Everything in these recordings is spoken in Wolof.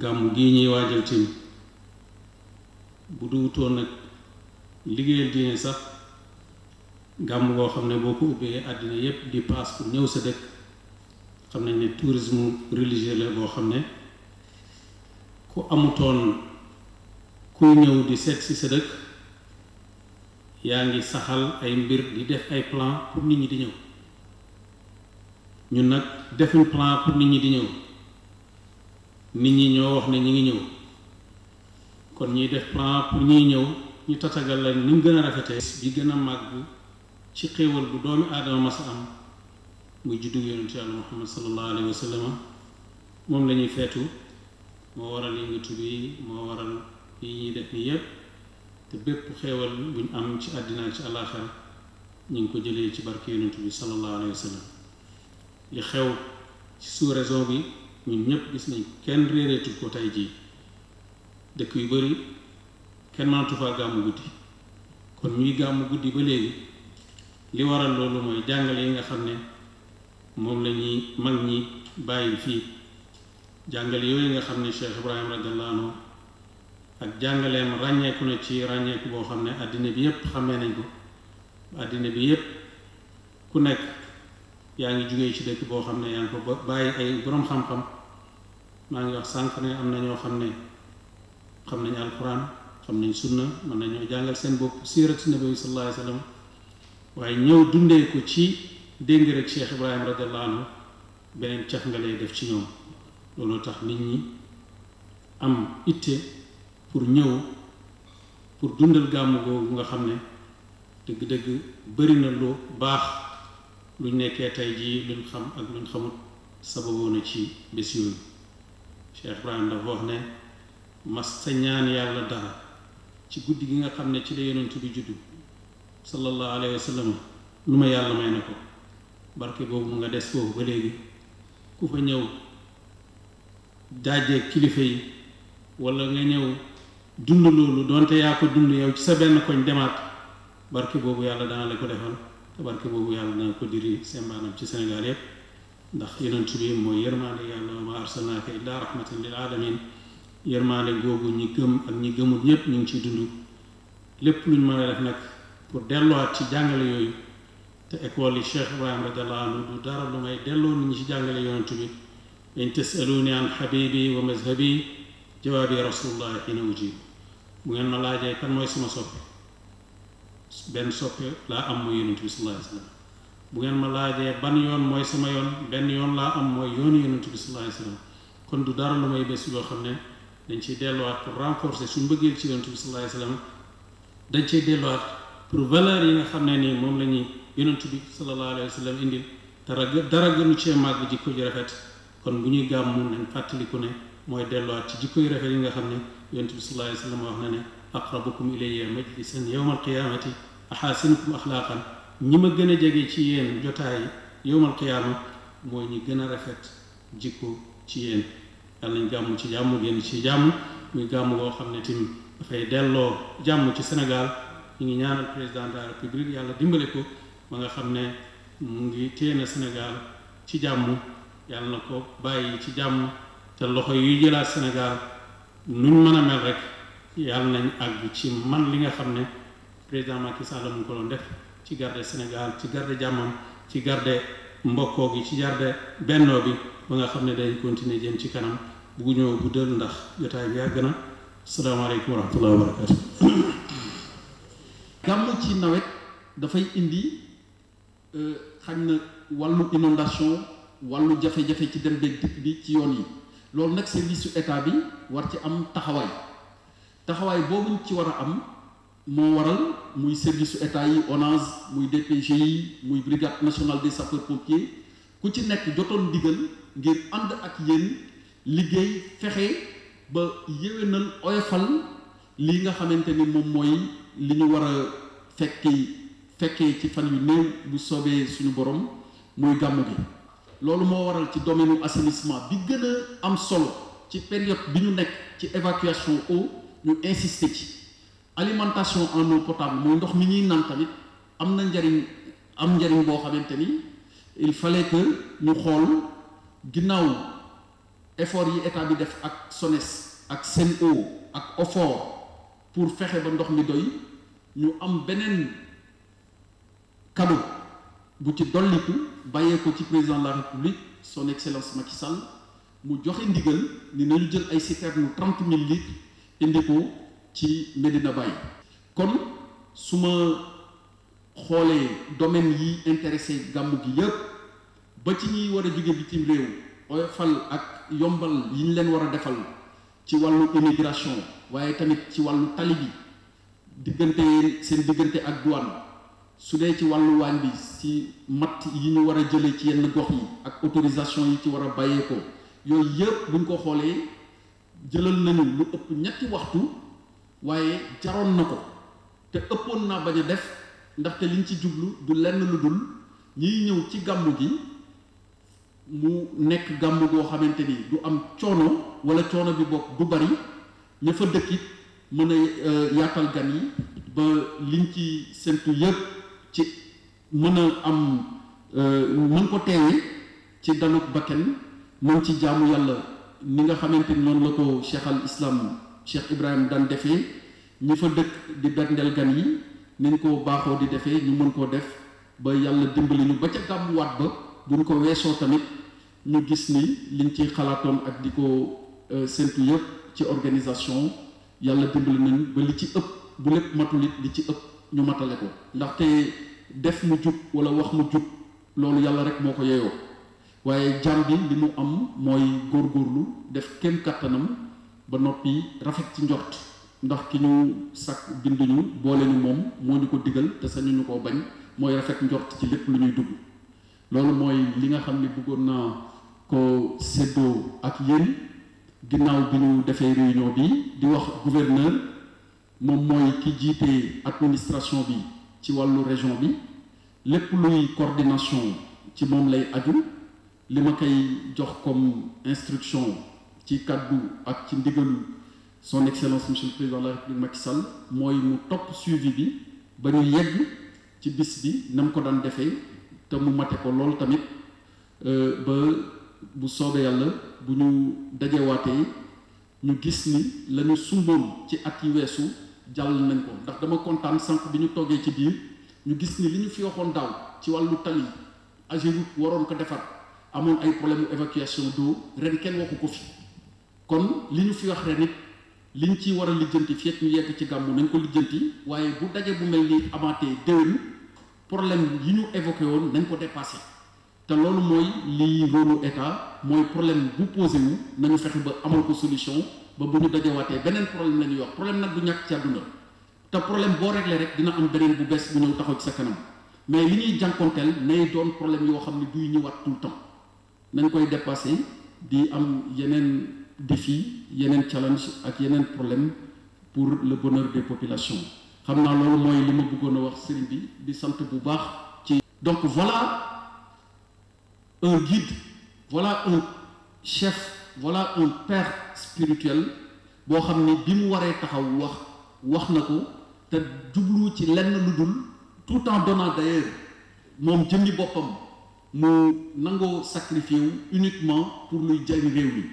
gàmm gii ñuy waajal tim bu dugutoon nag liggéeyal diine sax gàmm goo xam ne boo ko ubbee àddina yépp di paas pour ñëw sa dëkk xam nañ ne tourisme religieux la boo xam ne ku amutoon kuy ñëw di seet si sa dëkk yaa ngi saxal ay mbir di def ay plan pour nit ñi di ñëw ñun nag defuñ plan pour nit ñi di ñëw nit ñi ñoo wax ne ñi ngi ñëw kon ñuy def plan pour ñuy ñëw ñu tatagal la ni mu gën a rafetee bi gën a màgg ci xéewal bu doomi aadama mas am muy juddu yonent yàlla muhammad sallallahu alayhi wa moom la ñuy feetu moo waral yëngatu bi moo waral yi ñuy def ni yépp te bépp xéewal buñ am ci àddina ci àllaaxira ñu ngi ko jëlee ci barke yonent bi sallallahu alayhi wa sallam li xew ci sous-région bi ñun ñëpp gis nañ kenn réereetul ko tey jii dëkk yu bari kenn mënatu faa gàmmu guddi kon ñuy gàmmu guddi ba léegi li waral loolu mooy jàngale yi nga xam ne moom la ñuy mag ñi bàyyi fii jàngale yooyu nga xam ne Cheikh Ibrahim radiyallahu ak jàngaleem ràññeeku na ci ràññeeku boo xam ne àddina bi yépp xamee nañ ko àddina bi yépp ku nekk yaa ngi jugee ci dëkk boo xam ne yaa ngi ko bàyyi ay boroom xam-xam maa ngi wax sànq ne am na ñoo xam ne xam nañ alquran xam nañ sunna mën nañoo jàngal seen bopp siirat nabi sallallahu alayhi wa waaye ñëw dundee ko ci dégg rek Cheikh Ibrahim radiyallahu beneen cax nga lay def ci ñoom loolu tax nit ñi am itte pour ñëw pour dundal gàmmu googu nga xam ne dëgg-dëgg bëri na lu baax lu nekkee tey jii luñ xam ak luñ xamut sababoo na ci bés yooyu Cheikh Ibrahim dafa wax ne mas sa ñaan yàlla dara ci guddi gi nga xam ne ci la yonent bi juddu sallallahu alayhi wa lu ma yàlla may na ko barke boobu mu nga des foofu ba léegi ku fa ñëw daajee kilifa yi wala nga ñëw dund loolu donte yaa ko dund yow ci sa benn koñ demaat barke boobu yàlla dana la ko defal te barke boobu yàlla dana ko diri seen maanaam ci Sénégal yépp ndax yonent bi mooy yërmaande yàlla ma arsalnaaka illaa rahmatan lil alamin yërmaande googu ñi gëm ak ñi gëmut ñépp ñu ngi ciy dund lépp luñ mën a def nag pour delluwaat ci jàngale yooyu te école yi Cheikh Ibrahim radiallahu anhu du dara lu may delloo nit ñi ci jàngale yonent bi in tasaluuni an wa mazhabi jawaabi rasulullah xiina ujibu bu ngeen ma laajee kan mooy sama soppe benn soppe laa am mooy yonent bi sallallahu alayhi bu ngeen ma laajee ban yoon mooy sama yoon benn yoon laa am mooy yoonu yonent bi sallallahu alayhi kon du dara lu may bés loo xam ne dañ ciy delluwaat pour renforcer suñu bëggeel ci yonent bi sallallahu alayhi wasallam dañ ciy delluwaat pour valeur yi nga xam ne nii moom la ñuy yonent bi sallallahu alayhi wasallam indil dara dara gënu cee màgg jikko ju rafet kon bu ñuy gàmmu nañ fàttaliku ne mooy delluwaat ci jikko yu rafet yi nga xam ne yonent bi sallallahu alayhi wa sallam wax na ne aqrabukum ilayya majlisan yowma alqiyaamati axaasinukum axlaaqan ñi ma gën a jege ci yéen jotaay yowma alqiyaama mooy ñi gën a rafet jikko ci yéen yal nañ jàmm ci jàmm génn ci jàmm muy gàmm goo xam ne tamit delloo jàmm ci Sénégal ñu ngi ñaanal président de la yàlla dimbale ko ba nga xam ne mu ngi téena Sénégal ci jàmm yàlla na ko bàyyi ci jàmm te loxo yuy jëlaat Sénégal nun mën a mel rek yàlla nañu àgg ci man li nga xam ne président Macky Sall mu ko def ci garde Sénégal ci garde jàmmam ci garde mbokkoo gi ci garde bennoo bi ba nga xam ne day continuer jëm ci kanam bu ñëw guddal ndax jotaay bi yàgg na salaamaaleykum wa rahmatullahi wa barakatu gàmm ci dafay indi euh, xañ na wàllu inondation wàllu jafe-jafe ci dem beeg dikk bi ci yoon yi loolu nag service su état bi war ci am taxawaay taxawaay boobuñ ci war a am moo waral muy service su état yi ONAS muy DPGI muy brigade nationale des sapeurs pompiers ku ci nekk jotoon diggal ngir ànd ak yéen liggéey fexe ba yéwénal oyofal li nga xamante ni moom mooy li ñu war a fekki fekkee ci fan yu néew bu soobee suñu borom muy gàmmu bi loolu moo waral ci domaine assainissement bi gën a am solo ci période bi ñu nekk ci évacuation eau ñu insister ci alimentation en eau mooy ndox mi ñuy naan tamit am na njariñ am njariñ boo xamante ni il fallait que ñu xool ginnaaw effort yi état bi def ak SONES ak Sen'Eau ak OFOR pour fexe ba ndox mi doy ñu am beneen cadeau bu ci dolliku bàyyee ko ci président de la république son excellence Macky Sall mu joxe ndigal ni nañu jël ay citernes trent mille litres indi ko ci Medina Baye kon su ma xoolee domaine yi intéressé gàmmu gi yëpp ba ci ñuy war a jóge bitim réew oyofal ak yombal yi ñu leen war a defal ci wàllu immigration waaye tamit ci wàllu tali bi diggante seen diggante ak douane su dee ci wàllu waañ bi si matt yi ñu war a jëlee ci yenn gox yi ak autorisation yi ci war a bàyyeekoo yooyu yëpp buñ ko xoolee jëlal nañu lu ëpp ñetti waxtu waaye jaroon na ko te ëppoon naa bañ a def ndaxte liñ ci jublu du lenn lu dul ñiy ñëw ci gàmmu gi mu nekk gàmmu goo xamante ni du am coono wala coono bi bokk du bari ñëfa fa dëkkit mën a euh, yaatal gan yi ba liñ ci séntu yëpp. ci mën a am euh, mën ko teewee ci danuk bakken mën ci jàmm yàlla ni nga xamante ni noonu la ko cheikh al islam cheikh ibrahim daan defee ñi fa dëkk di berndeel gan yi nañ ko baaxoo di defee ñu mën koo def ba yàlla dimbali ñu ba ca gàmmuwaat ba buñ ko weesoo tamit ñu gis ni liñ ci xalaatoon ak di ko euh, séntu yëpp ci organisation yàlla dimbali nañ ba li ci ëpp bu lépp matul it li ci ëpp ñu matale ko ndaxte def mu jub wala wax mu jub loolu yàlla rek moo ko yeyoo waaye jàmm bi li mu am mooy góorgóorlu def kenn kàttanam ba noppi rafet ci njort ndax ki ñu sàkk binduñu boole ñu moom moo ñu ko digal te sañu ñu koo bañ mooy rafet njort ci lépp lu ñuy dugg loolu mooy li nga xam ni bëggoon naa ko séddoo ak yéen ginnaaw bi ñu defee réunion bi di wax gouverneur moom mooy ki jiite administration bi ci wàllu région bi lépp luy coordination ci moom lay aju li ma koy jox comme instruction ci kàddu ak ci ndigalu son excellence monsieur le président la république Macky Sall mooy mu topp suivi bi ba ñu yegg ci bis bi na ko daan defee te mu mate ko lool tamit euh, ba bu soobee yàlla bu ñu dajewaatee ñu gis ni la ñu sumboon ci at yi weesu jàll nañ ko ndax dama kontaan sànq bi ñu toogee ci biir ñu gis ni li ñu fi waxoon daaw ci wàllu tali Ageroute waroon ko defar amoon ay problème évacuation d'eau ren kenn waxu ko fi kon li ñu fi wax ren it liñ ci war a lijjanti fii ak ñu yegg ci gàmmu nañ ko lijjanti waaye bu daje bu mel ni amaatee déwén problème yi ñu évoqué woon nañ ko dépassé te loolu mooy lii rôlu état mooy problème bu posé wu nañu fexe ba amal ko solution ba bu ñu dajewaatee beneen problème la ñuy wax problème nag du ñàkk ci àdduna te problème boo réglé rek dina am beneen bu bees bu ñëw taxaw ci sa kanam mais li ñuy jànkonteel nay doon problème yoo xam ne duy ñëwaat tout le temps nañ koy dépassé di am yeneen défi yeneen challenge ak yeneen problème pour le bonheur des populations xam naa loolu mooy li ma bëggoon a wax sëriñ bi di sant bu baax ci donc voilà un guide voilà un chef voilà un père spirituel boo xam ne bi mu waree taxaw wax wax na ko te jublu ci lenn lu dul tout temps donnant d'ailleurs moom jëmmi boppam mu nangoo sacrifié uniquement pour luy jariñ réew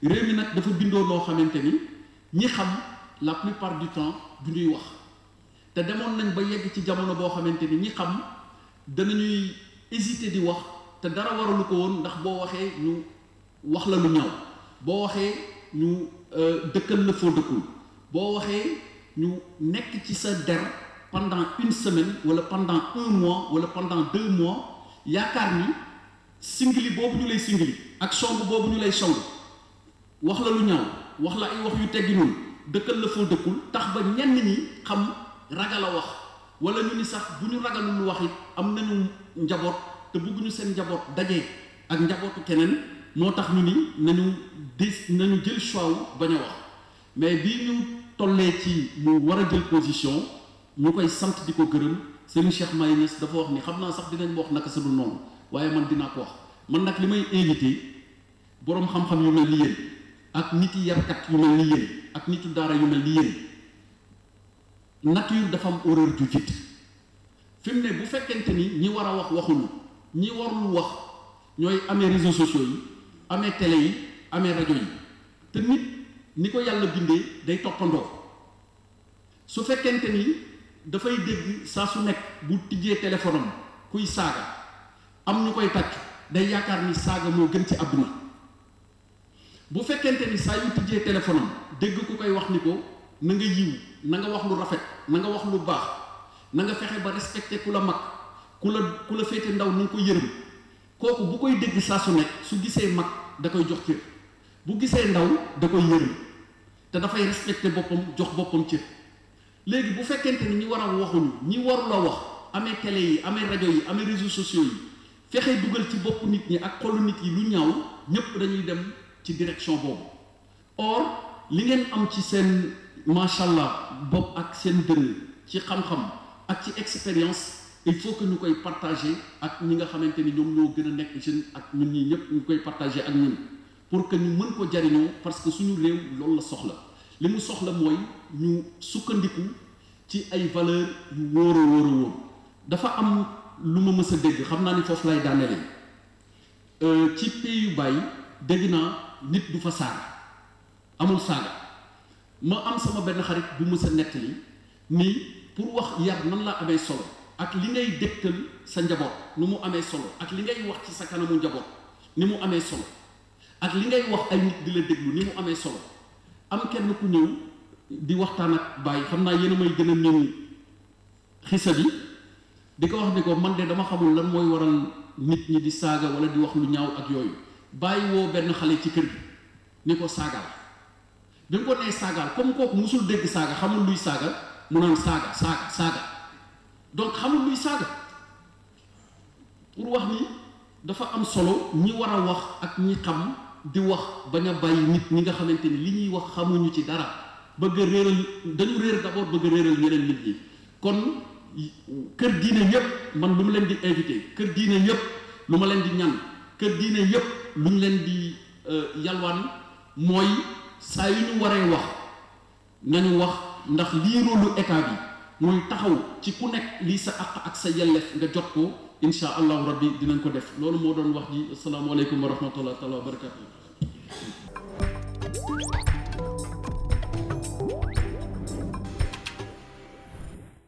mi réew nag dafa bindoo loo xamante ni ñi xam la plupart du temps du ñuy wax te demoon nañ ba yegg ci jamono boo xamante ni ñi xam danañuy hésiter di wax te dara waralu ko woon ndax boo waxee ñu wax la lu boo waxee ñu euh, dëkkal la foo dëkkul boo waxee ñu nekk ci sa der pendant une semaine wala pendant un mois wala pendant deux mois yaakaar ni singili boobu ñu lay singili ak song boobu ñu lay song wax la lu ñaaw wax la ay wax yu teggi noonu dëkkal la foo dëkkul tax ba ñenn ñi xam ragal a wax wala ñu ni sax bu ñu ragalul wax it am nañu njaboot te bëgguñu seen njaboot dajee ak njabootu keneen moo tax ñu ni nañu dis nañu jël choix ba bañ a wax mais bii ñu tollee ci mu war a jël position ñu koy sant di ko gërëm Serigne Cheikh Mahi Niass dafa wax ni xam naa sax dinañ ma wax naka sa du noonu waaye man dinaa ko wax man nag li may invité boroom xam-xam yu mel ak nit yi yarkat yu mel ni ak nitu daara yu mel ni yéen nature dafa am horreur ju jiit fi ne bu fekkente ni ñi war a wax waxuñu ñi warul wax ñooy amee réseaux sociaux yi amee télé yi amee rajo yi te nit ni ko yàlla bindee day toppandoo su fekkente ni dafay dégg saa su nekk bu tijjee téléphone kuy saaga am ñu koy tàcc day yaakaar ni saaga moo gën ci àdduna bu fekkente ni saa yu tijjee téléphone dégg ku koy wax ni ko na nga yiw na nga wax lu rafet na nga wax lu baax na nga fexe ba respecté ku la mag ku la ku la féete ndaw na ngi ko yërëm kooku bu koy dégg saa su nekk su gisee mag da koy jox cër bu gisee ndaw da koy yërëm te dafay respecté boppam jox boppam cër léegi bu fekkente ni ñi war a waxuñu ñi waruloo wax amee télé yi amee rajo yi amee réseaux sociaux yi fexe dugal ci boppu nit ñi ak xolu nit yi lu ñaaw ñëpp dañuy dem ci direction boobu or li ngeen am ci seen macha allah bopp ak seen dënn ci xam-xam ak ci expérience. il faut que ñu koy partager ak ñi nga xamante ni ñoom ñoo gën a nekk jeune ak ñun ñi ñëpp ñu koy partager ak ñun pour que ñu mën ko jariñoo parce que suñu réew loolu la soxla li mu soxla mooy ñu sukkandiku ci ay valeur yu wóor a wóor dafa am lu ma mës a dégg xam naa ni foofu lay daaneele euh, ci pays yu bàyyi dégg naa nit du fa saaga amul saaga ma am sama benn xarit bu mës a nettali ni pour wax yar nan laa amee solo ak li ngay dégtal sa njaboot nu mu amee solo ak li ngay wax ci sa kanamu njaboot ni mu amee solo ak li ngay wax ay nit di la déglu ni mu amee solo am kenn ku ñëw di waxtaan ak bàyyi xam naa yéen a may gën a néew xisa bi di ko wax ni ko man de dama xamul lan mooy waral nit ñi di saaga wala di wax lu ñaaw ak yooyu bàyyi woo benn xale ci kër gi ni ko saagaal bi nga ko nee saagaal comme kooku musul dégg saaga xamul luy saaga mu naan saaga saaga saaga. donc xamul luy saaga pour wax ni dafa am solo ñi war a wax ak ñi xam di wax bañ a bàyyi nit ñi nga xamante ni li ñuy wax xamuñu ci dara bëgg a réeral dañu réer d'abord bëgg a réeral ñeneen nit ñi kon kër diine yépp man lu ma leen di invité kër diine yépp lu ma leen di ñan kër diine yépp lu ñu leen di euh, yalwaan mooy saa yu ñu waree wax nañu wax ndax lii rôlu état bi mooy taxaw ci ku nekk lii sa àq ak sa yelleef nga jot ko insha allahu yi dinañ ko def loolu moo doon wax ji asalaamaaleykum wa rahmatullah taala wa barakatu